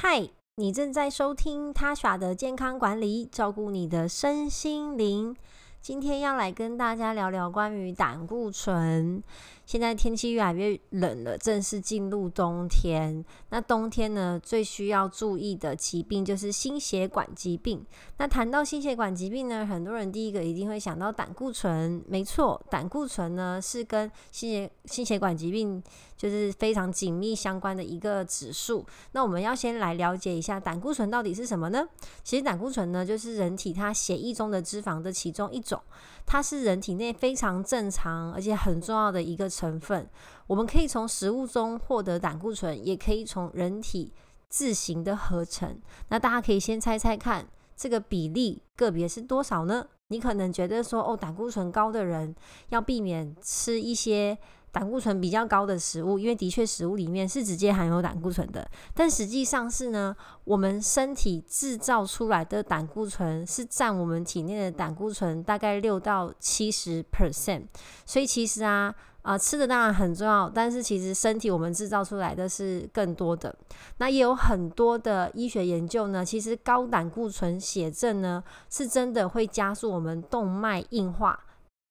嗨，Hi, 你正在收聽 Tasha 的健康管理，照顧你的身心靈。今天要來跟大家聊聊關於膽固醇。現在天氣越來越冷了，正式進入冬天。那冬天呢，最需要注意的疾病就是心血管疾病。那談到心血管疾病呢，很多人第一個一定會想到膽固醇。沒錯，膽固醇呢是跟心血心血管疾病就是非常緊密相關的一個指數。那我們要先來了解一下膽固醇到底是什麼呢？其實膽固醇呢，就是人體它血液中的脂肪的其中一種，它是人體內非常正常而且很重要的一個。成分，我們可以從食物中獲得膽固醇，也可以從人體自行的合成。那大家可以先猜猜看，這個比例個別是多少呢？你可能覺得說，哦，膽固醇高的人要避免吃一些。膽固醇比較高的食物，因為的確食物裡面是直接含有膽固醇的，但實際上是呢，我們身體製造出來的膽固醇是占我們體內的膽固醇大概六到七十 percent，所以其實啊，啊，呃，吃的當然很重要，但是其實身體我們製造出來的是更多的。那也有很多的醫學研究呢，其實高膽固醇血症呢，是真的會加速我們動脈硬化。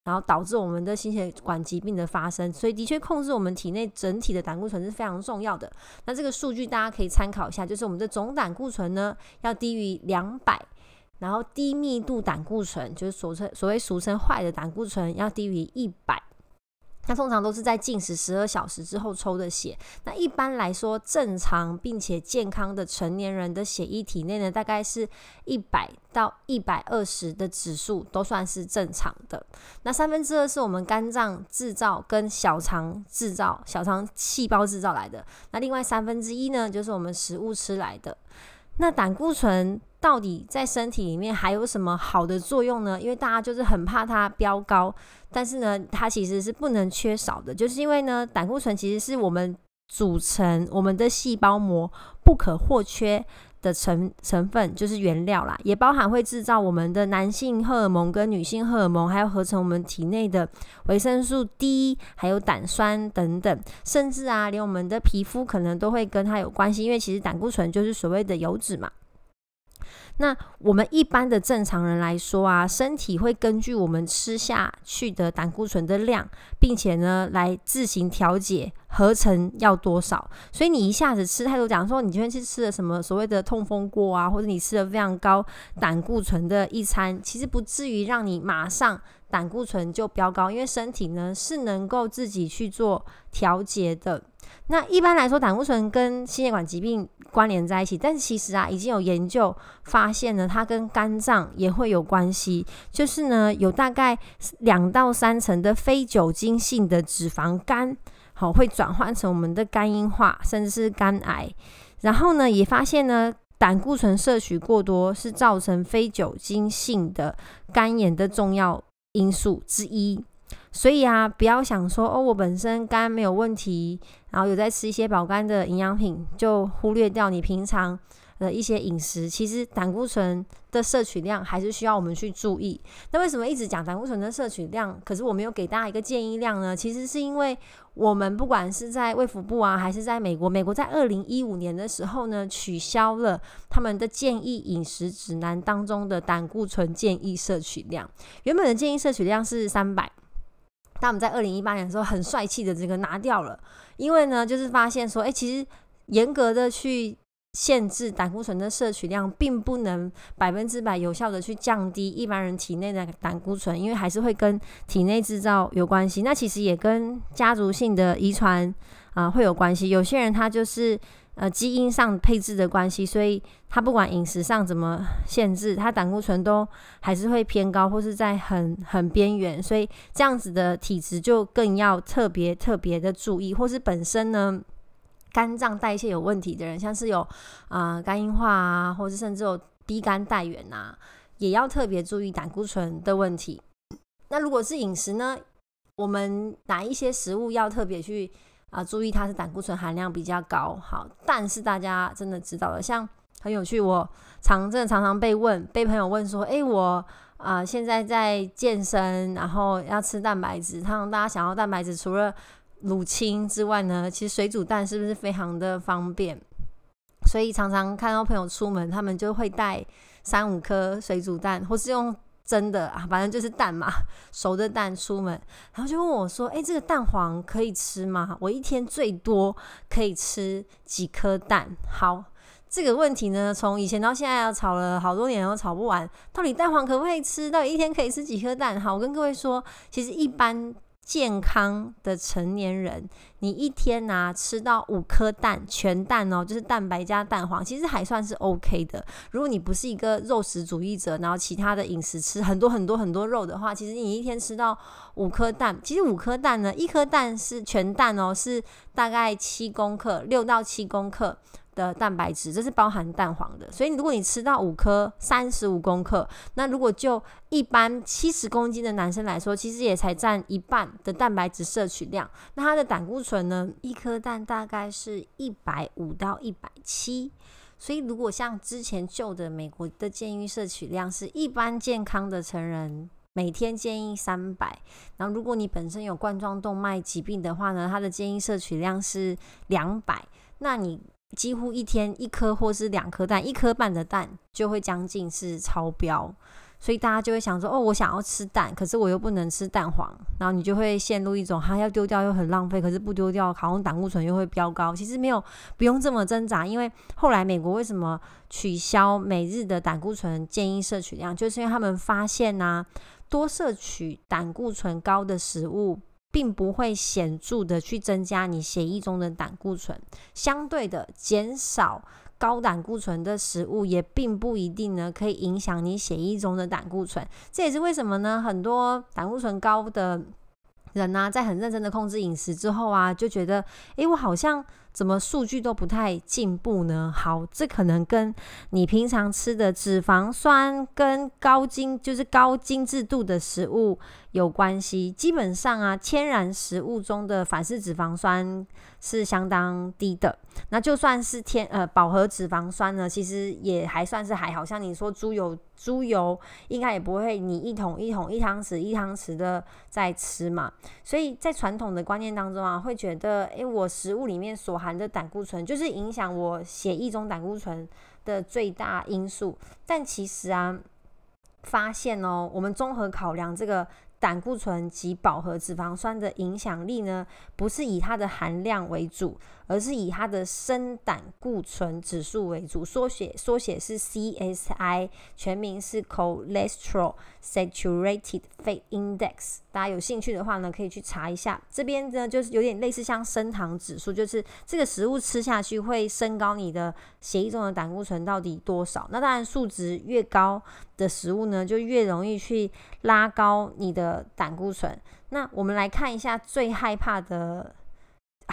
然後導致我們的心血管疾病的發生，所以的確控制我們體內整體的膽固醇是非常重要的。那這個數據大家可以參考一下，就是我們的總膽固醇呢，要低於兩百，然後低密度膽固醇，就是所稱所謂俗稱壞的膽固醇，要低於一百。它通常都是在禁食十二小時之後抽的血。那一般來說，正常並且健康的成年人的血液體內呢，大概是一百到一百二十的指數都算是正常的那。那三分之二是我們肝臟製造跟小腸製造、小腸細胞製造來的。那另外三分之一呢，就是我們食物吃來的。那膽固醇。到底在身體裡面還有什麼好的作用呢？因為大家就是很怕它飆高，但是呢，它其實是不能缺少的。就是因為呢，膽固醇其實是我們組成我們的細胞膜不可或缺的成成分，就是原料啦。也包含會製造我們的男性荷爾蒙跟女性荷爾蒙，還有合成我們體內的維生素 D，還有膽酸等等。甚至啊，連我們的皮膚可能都會跟它有關係，因為其實膽固醇就是所謂的油脂嘛。那我們一般的正常人來說啊，身體會根據我們吃下去的膽固醇的量，並且呢，來自行調節合成要多少。所以你一下子吃太多，假如說你今天去吃了什麼所謂的痛風鍋啊，或者你吃了非常高膽固醇的一餐，其實不至於讓你馬上膽固醇就飆高，因為身體呢是能夠自己去做調節的。那一般來說，膽固醇跟心血管疾病關聯在一起，但是其實啊，已經有研究發現呢，它跟肝臟也會有關係。就是呢，有大概兩到三成的非酒精性的脂肪肝，好會轉換成我們的肝硬化，甚至是肝癌。然後呢，也發現呢，膽固醇攝取過多是造成非酒精性的肝炎的重要因素之一。所以啊，不要想說哦，我本身肝沒有問題，然後有在吃一些保肝的營養品，就忽略掉你平常的一些飲食。其實膽固醇的攝取量還是需要我們去注意。那為什麼一直講膽固醇的攝取量？可是我沒有給大家一個建議量呢？其實是因為我們不管是在衛福部啊，還是在美國，美國在二零一五年的時候呢，取消了他們的建議飲食指南當中的膽固醇建議攝取量。原本的建議攝取量是三百。但我們在二零一八年的時候很帥氣的這個拿掉了，因為呢，就是發現說，誒、欸，其實嚴格的去限制膽固醇的攝取量，並不能百分之百有效的去降低一般人體內的膽固醇，因為還是會跟體內製造有關係，那其實也跟家族性的遺傳啊會有關係，有些人他就是。呃，基因上配置的關係，所以他不管飲食上怎麼限制，他膽固醇都還是會偏高，或是在很很邊緣。所以這樣子的體質就更要特別特別的注意，或是本身呢肝臟代謝有問題的人，像是有啊、呃、肝硬化啊，或是甚至有 B 肝帶原吶、啊，也要特別注意膽固醇的問題。那如果是飲食呢，我們哪一些食物要特別去？啊、呃，注意它是膽固醇含量比較高。好，但是大家真的知道的，像很有趣，我常真的常常被問，被朋友問說，誒、欸，我啊、呃、現在在健身，然後要吃蛋白質。他們大家想要蛋白質，除了乳清之外呢，其實水煮蛋是不是非常的方便？所以常常看到朋友出門，他們就會帶三五顆水煮蛋，或是用。真的啊，反正就是蛋嘛，熟的蛋出門。然後就問我說：“哎、欸，這個蛋黃可以吃嗎？我一天最多可以吃幾顆蛋？”好，這個問題呢，從以前到現在要炒了好多年，都炒不完。到底蛋黃可不可以吃？到底一天可以吃幾顆蛋？好，我跟各位說，其實一般。健康的成年人，你一天呢、啊、吃到五顆蛋，全蛋哦，就是蛋白加蛋黃，其實還算是 OK 的。如果你不是一個肉食主義者，然後其他的飲食吃很多很多很多肉的話，其實你一天吃到五顆蛋，其實五顆蛋呢，一顆蛋是全蛋哦，是大概七公克，六到七公克。的蛋白質，這是包含蛋黃的，所以如果你吃到五顆三十五公克，那如果就一般七十公斤的男生來說，其實也才佔一半的蛋白質攝取量。那它的膽固醇呢？一顆蛋大概是一百五到一百七，所以如果像之前舊的美國的建議攝取量是一般健康的成人每天建議三百，然後如果你本身有冠狀動脈疾病的話呢，它的建議攝取量是兩百，那你。幾乎一天一顆或是兩顆蛋，一顆半的蛋就會將近是超標，所以大家就會想說，哦，我想要吃蛋，可是我又不能吃蛋黃，然後你就會陷入一種，哈、啊，要丟掉又很浪費，可是不丟掉，好像膽固醇又會飆高。其實沒有，不用這麼掙扎，因為後來美國為什麼取消每日的膽固醇建議攝取量，就是因為他們發現吶、啊，多攝取膽固醇高的食物。並不會顯著的去增加你血液中的膽固醇，相對的減少高膽固醇的食物也並不一定呢可以影響你血液中的膽固醇。這也是為什麼呢？很多膽固醇高的。人吶、啊，在很認真的控制飲食之後啊，就覺得，誒、欸，我好像怎麼數據都不太進步呢？好，這可能跟你平常吃的脂肪酸跟高精，就是高精致度的食物有關係。基本上啊，天然食物中的反式脂肪酸。是相當低的，那就算是天呃飽和脂肪酸呢，其實也還算是還好。好像你說豬油，豬油應該也不會，你一桶一桶一湯匙一湯匙的在吃嘛。所以在傳統的觀念當中啊，會覺得，誒，我食物裡面所含的膽固醇就是影響我血液中膽固醇的最大因素。但其實啊，發現哦，我們綜合考量這個。膽固醇及飽和脂肪酸的影響力呢，不是以它的含量為主。而是以它的升膽固醇指數為主，縮寫縮寫是 CSI，全名是 Cholesterol Saturated Fat Index。大家有興趣的話呢，可以去查一下。這邊呢，就是有點類似像升糖指數，就是這個食物吃下去會升高你的血液中的膽固醇到底多少。那當然，數值越高的食物呢，就越容易去拉高你的膽固醇。那我們來看一下最害怕的。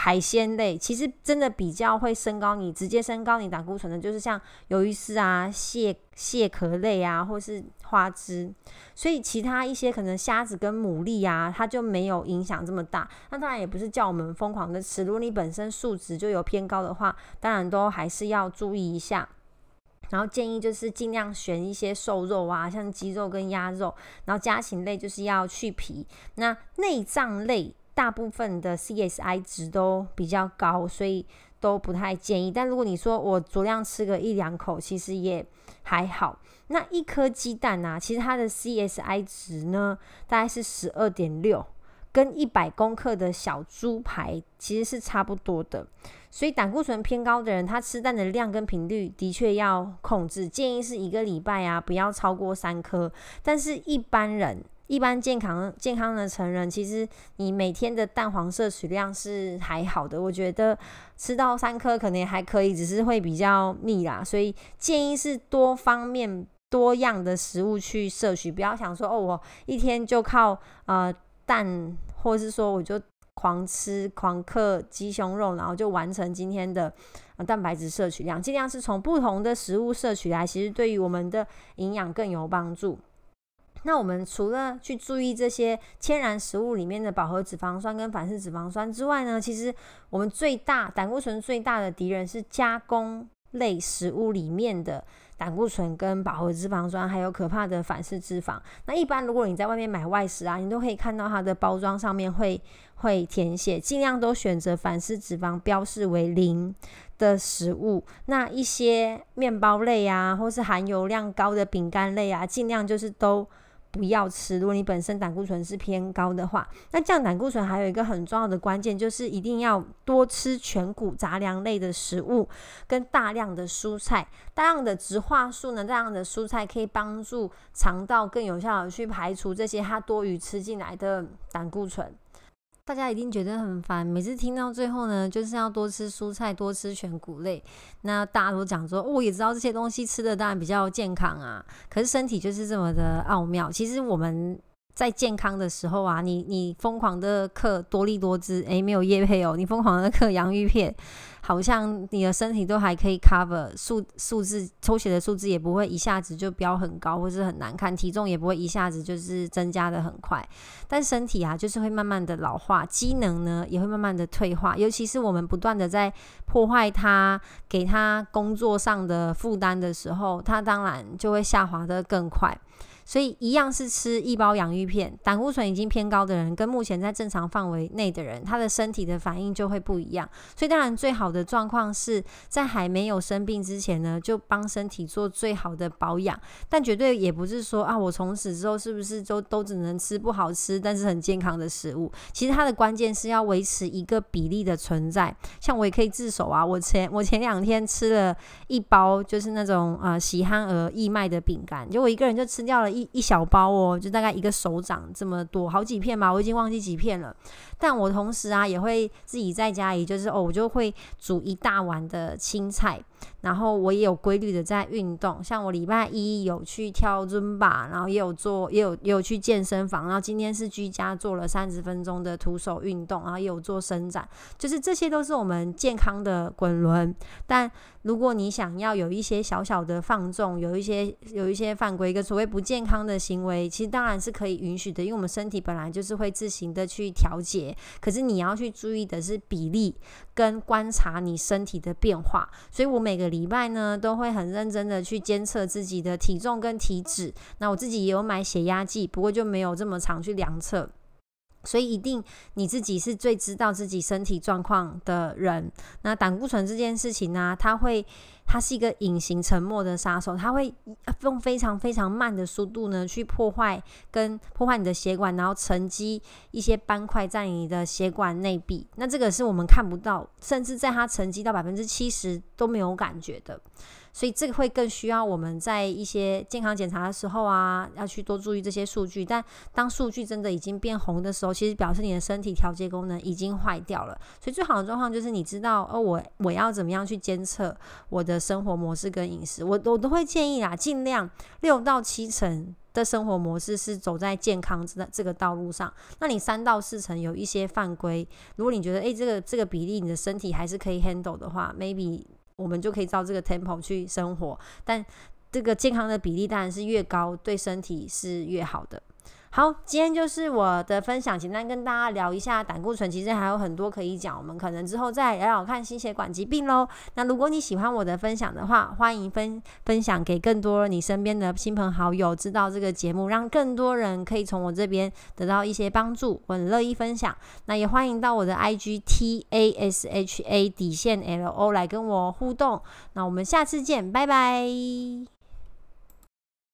海鮮類其實真的比較會升高你，直接升高你膽固醇的，就是像魷魚絲啊、蟹蟹殼類啊，或是花枝。所以其他一些可能蝦子跟牡蠣啊，它就沒有影響這麼大。那當然也不是叫我們瘋狂的吃，如果你本身數值就有偏高的話，當然都還是要注意一下。然後建議就是盡量選一些瘦肉啊，像雞肉跟鴨肉，然後家禽類就是要去皮。那內臟類。大部分的 CSI 值都比較高，所以都不太建議。但如果你說我酌量吃個一兩口，其實也還好。那一顆雞蛋啊，其實它的 CSI 值呢，大概是十二點六，跟一百公克的小豬排其實是差不多的。所以膽固醇偏高的人，他吃蛋的量跟頻率的確要控制，建議是一個禮拜啊，不要超過三顆。但是一般人。一般健康健康的成人，其實你每天的蛋黃攝取量是還好的。我覺得吃到三顆可能還可以，只是會比較膩啦。所以建議是多方面多樣的食物去攝取，不要想說哦，我一天就靠呃蛋，或者是說我就狂吃狂嗑雞胸肉，然後就完成今天的、呃、蛋白質攝取量。盡量是從不同的食物攝取來，其實對於我們的營養更有幫助。那我們除了去注意這些天然食物裡面的飽和脂肪酸跟反式脂肪酸之外呢，其實我們最大膽固醇最大的敵人是加工類食物裡面的膽固醇跟飽和脂肪酸，還有可怕的反式脂肪。那一般如果你在外面買外食啊，你都可以看到它的包裝上面會會填寫，儘量都選擇反式脂肪標示為零的食物。那一些麵包類啊，或是含油量高的餅乾類啊，儘量就是都。不要吃。如果你本身膽固醇是偏高的話，那降膽固醇還有一個很重要的關鍵，就是一定要多吃全谷雜糧類的食物，跟大量的蔬菜。大量的植化素呢，大量的蔬菜可以幫助腸道更有效的去排除這些它多餘吃進來的膽固醇。大家一定覺得很煩，每次聽到最後呢，就是要多吃蔬菜，多吃全穀類。那大家都講說，哦，也知道這些東西吃的當然比較健康啊，可是身體就是這麼的奧妙，其實我們。在健康的時候啊，你你瘋狂的嗑多力多滋，誒、欸，沒有業配哦、喔，你瘋狂的嗑洋芋片，好像你的身體都還可以 cover 數數字，抽血的數字也不會一下子就飆很高，或是很難看，體重也不會一下子就是增加的很快，但身體啊，就是會慢慢的老化，機能呢也會慢慢的退化，尤其是我們不斷的在破壞它，給它工作上的負擔的時候，它當然就會下滑的更快。所以一樣是吃一包洋芋片，膽固醇已經偏高的人跟目前在正常範圍內的人，他的身體的反應就會不一樣。所以當然最好的狀況是在還沒有生病之前呢，就幫身體做最好的保養。但絕對也不是說啊，我從此之後是不是就都，都只能吃不好吃但是很健康的食物？其實它的關鍵是要維持一個比例的存在。像我也可以自首啊，我前我前兩天吃了一包就是那種呃喜憨兒義賣的餅乾，結果一個人就吃掉了。一一小包哦，就大概一個手掌這麼多，好幾片吧，我已經忘記幾片了。但我同時啊，也會自己在家裡，就是哦，我就會煮一大碗的青菜，然後我也有規律的在運動，像我禮拜一有去跳尊巴，然後也有做，也有也有去健身房，然後今天是居家做了三十分鐘的徒手運動，然後也有做伸展，就是這些都是我們健康的滾輪，但。如果你想要有一些小小的放縱，有一些有一些犯規，一個所謂不健康的行為，其實當然是可以允許的，因為我們身體本來就是會自行的去調節。可是你要去注意的是比例跟觀察你身體的變化。所以我每個禮拜呢都會很認真的去監測自己的體重跟體脂。那我自己也有買血壓計，不過就沒有這麼常去量測。所以，一定你自己是最知道自己身體狀況的人。那膽固醇這件事情呢、啊，它會，它是一個隱形、沉默的殺手，它會用非常非常慢的速度呢，去破壞跟破壞你的血管，然後沉積一些斑塊在你的血管內壁。那這個是我們看不到，甚至在它沉積到百分之七十都沒有感覺的。所以這個會更需要我們在一些健康檢查的時候啊，要去多注意這些數據。但當數據真的已經變紅的時候，其實表示你的身體調節功能已經壞掉了。所以最好的狀況就是你知道哦，我我要怎麼樣去監測我的生活模式跟飲食。我我都會建議啦，盡量六到七成的生活模式是走在健康這個這個道路上。那你三到四成有一些犯規，如果你覺得誒，這個這個比例你的身體還是可以 handle 的話，maybe。我們就可以照這個 tempo 去生活，但這個健康的比例當然是越高，對身體是越好的。好，今天就是我的分享，簡單跟大家聊一下膽固醇，其實還有很多可以講，我們可能之後再聊聊看心血管疾病嘍。那如果你喜歡我的分享的話，歡迎分分享給更多你身邊的親朋好友，知道這個節目，讓更多人可以從我這邊得到一些幫助，我很樂意分享。那也歡迎到我的 I G T A S H A 底線 L O 來跟我互動。那我們下次見，拜拜。